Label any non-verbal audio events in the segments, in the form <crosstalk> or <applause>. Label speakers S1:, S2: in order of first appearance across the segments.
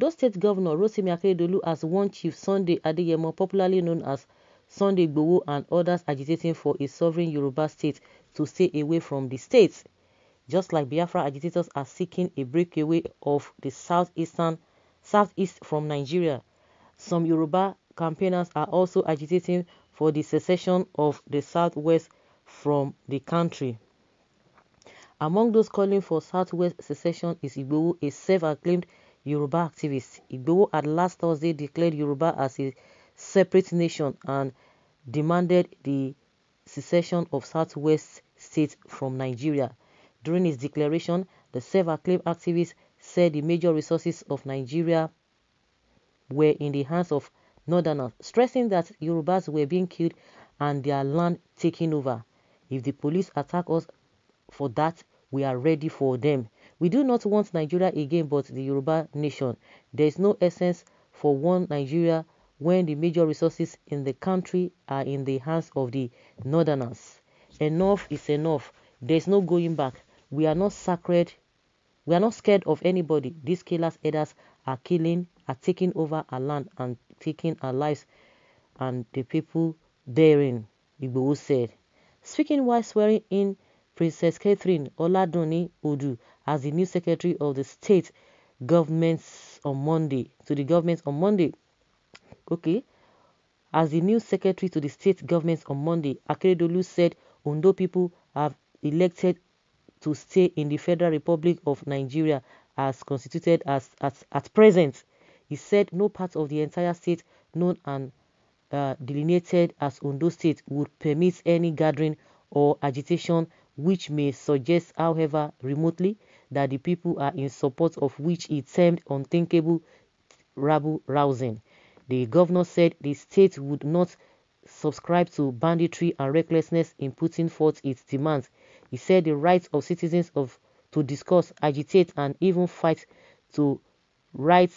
S1: Ondo State Governor Rotimi Akeredolu has one Chief Sunday Adeyemo, popularly known as Sunday Gbowo, and others agitating for a sovereign Yoruba state to stay away from the state. Just like Biafra agitators are seeking a breakaway of the southeastern southeast from Nigeria, some Yoruba campaigners are also agitating for the secession of the southwest from the country. Among those calling for southwest secession is Igboho, a self-acclaimed Yoruba activists. Igboho at last Thursday declared Yoruba as a separate nation and demanded the secession of Southwest states from Nigeria. During his declaration, the self-acclaimed activist said the major resources of Nigeria were in the hands of northerners, stressing that Yorubas were being killed and their land taken over. If the police attack us for that, we are ready for them. We do not want Nigeria again but the Yoruba nation. There is no essence for one Nigeria when the major resources in the country are in the hands of the northerners. Enough is enough. There is no going back. We are not sacred. We are not scared of anybody. These killers, elders are killing, are taking over our land and taking our lives and the people therein, Igboho said. Speaking while swearing in Princess Catherine Oladoni Odu as the new secretary of the state governments on Monday to the government on Monday. Okay, as the new secretary to the state governments on Monday, Akeredolu said Ondo people have elected to stay in the Federal Republic of Nigeria as constituted as, as at present. He said no part of the entire state known and uh, delineated as Ondo State would permit any gathering or agitation which may suggest, however, remotely that the people are in support of which he termed unthinkable rabble rousing. The governor said the state would not subscribe to banditry and recklessness in putting forth its demands. He said the rights of citizens of to discuss, agitate, and even fight to right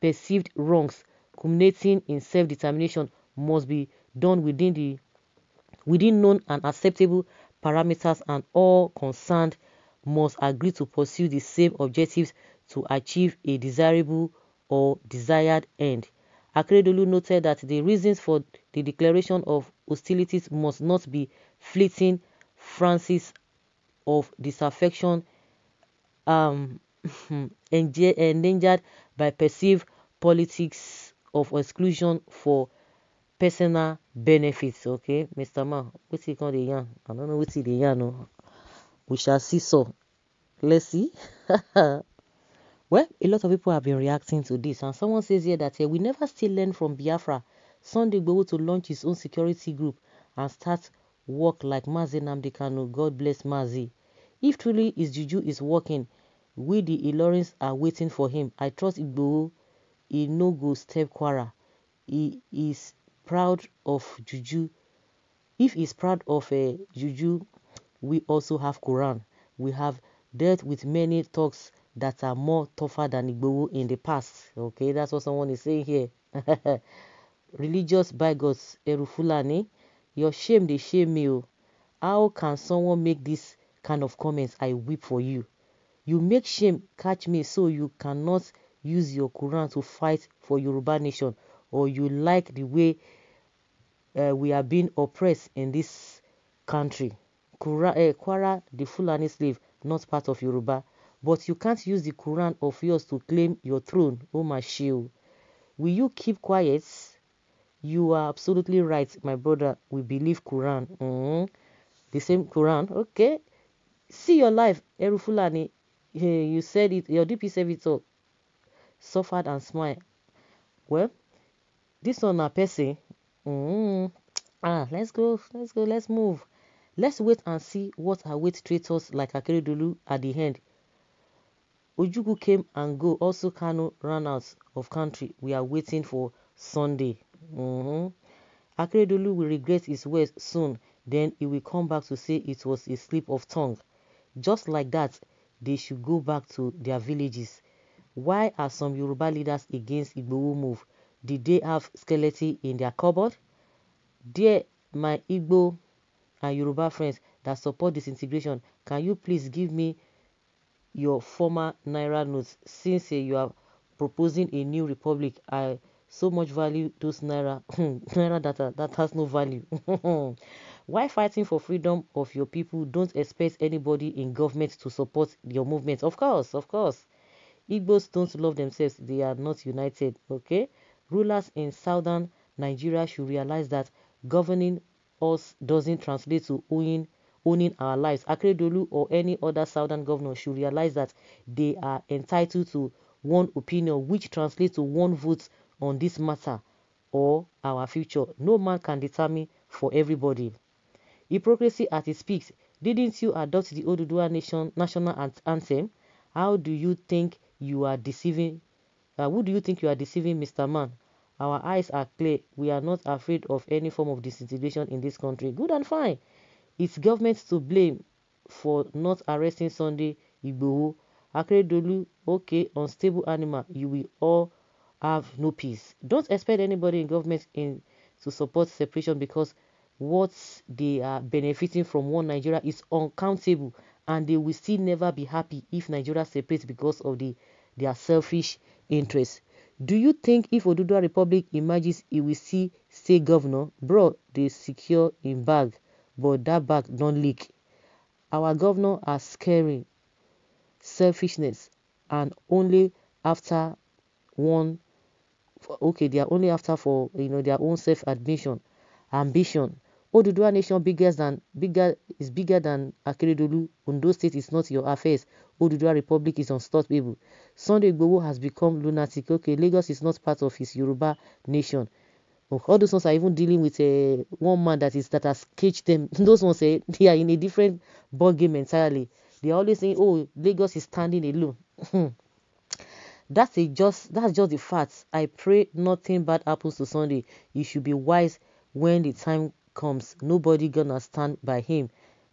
S1: perceived wrongs culminating in self-determination must be done within the within known and acceptable parameters and all concerned must agree to pursue the same objectives to achieve a desirable or desired end. Akeredolu noted that the reasons for the declaration of hostilities must not be fleeting Francis of disaffection um, <laughs> endangered by perceived politics of exclusion for personal benefits. Okay, Mr. Ma, what's he called I don't know what's the yarn. We shall see so. Let's see. <laughs> Well, a lot of people have been reacting to this, and someone says here that yeah, we never still learn from Biafra. Sunday Igboho to launch his own security group and start work like Mazi Kanu. God bless Mazi. If truly his juju is working, we the Ilorins are waiting for him. I trust Igboho. He no go step quara. He is proud of juju. If he's proud of a uh, eh, juju, we also have Quran. We have dealt with many talks that are more tougher than Igbo in the past. Okay, that's what someone is saying here. <laughs> Religious bigots, Erufulani, your shame, they shame you. Oh. How can someone make this kind of comments? I weep for you. You make shame catch me so you cannot use your Quran to fight for Yoruba nation or you like the way uh, we are being oppressed in this country. Kwara, eh, the Fulani slave, not part of Yoruba. But you can't use the Quran of yours to claim your throne, oh, O Mashiu. Will you keep quiet? You are absolutely right, my brother. We believe Quran. Mm. The same Quran, okay? See your life, Eru Fulani. You said it, your DP said it all. Suffered and smiled. Well, this one a person. Mm. Ah, let's go, let's go, let's move. Let's wait and see what awaits traitors like Akeredolu at the end. Ojugu came and go. Also, Kano ran out of country. We are waiting for Sunday. Mm-hmm. Akeredolu will regret his words soon. Then he will come back to say it was a slip of tongue. Just like that, they should go back to their villages. Why are some Yoruba leaders against Igbowo move? Did they have skeleton in their cupboard? Dear my Igbo and Yoruba friends that support disintegration, can you please give me your former Naira notes since uh, you are proposing a new republic? I so much value those Naira, <laughs> Naira data that has no value. <laughs> Why fighting for freedom of your people? Don't expect anybody in government to support your movement. Of course, of course. Igbos don't love themselves. They are not united. Okay? Rulers in southern Nigeria should realize that governing us doesn't translate to owning owning our lives. Akredolu or any other southern governor should realize that they are entitled to one opinion, which translates to one vote on this matter or our future. No man can determine for everybody. Hypocrisy at its peak. Didn't you adopt the Oduduwa nation national anthem? How do you think you are deceiving? Uh, who do you think you are deceiving, Mr. Man? Our eyes are clear. We are not afraid of any form of disintegration in this country. Good and fine. It's government to blame for not arresting Sunday Igboho. Akredolu, okay, unstable animal. You will all have no peace. Don't expect anybody in government in to support separation because what they are benefiting from one Nigeria is uncountable and they will still never be happy if Nigeria separates because of the their selfish interests. Do you think if Oduduwa Republic emerges it will see state governor? Bro, they secure in bag, but that bag don't leak. Our governor are scary, selfishness, and only after one. Okay, they are only after for you know their own self admission, ambition. Oduduwa nation bigger than bigger is bigger than Akeredolu. Undo state is not your affairs. Odudua Republic is unstoppable. Sunday Igbowo has become lunatic. Okay, Lagos is not part of his Yoruba nation. All those ones are even dealing with a uh, one man that is that has caged them. <laughs> Those ones say eh, they are in a different ball game entirely. They are always saying, "Oh, Lagos is standing alone." <laughs> that's a just that's just the facts. I pray nothing bad happens to Sunday. You should be wise when the time comes. Nobody gonna stand by him.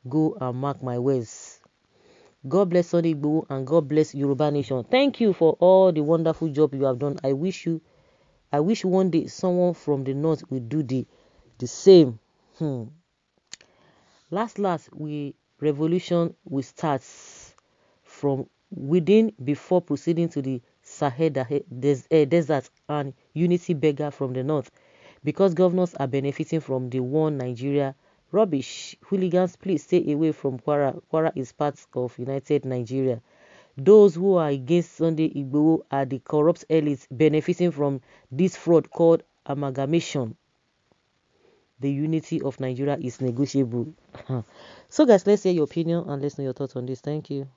S1: Go and mark my words. God bless Sunday Igbo and God bless Yoruba Nation. Thank you for all the wonderful job you have done. I wish you, I wish one day someone from the north will do the, the same. Hmm. Last, last, we revolution will start from within before proceeding to the Sahel eh, desert and unity beggar from the north because governors are benefiting from the one Nigeria Rubbish. Hooligans, please stay away from Kwara. Kwara is part of United Nigeria. Those who are against Sunday Igboho are the corrupt elites benefiting from this fraud called amalgamation. The unity of Nigeria is negotiable. <laughs> so, guys, let's hear your opinion and let's know your thoughts on this. Thank you.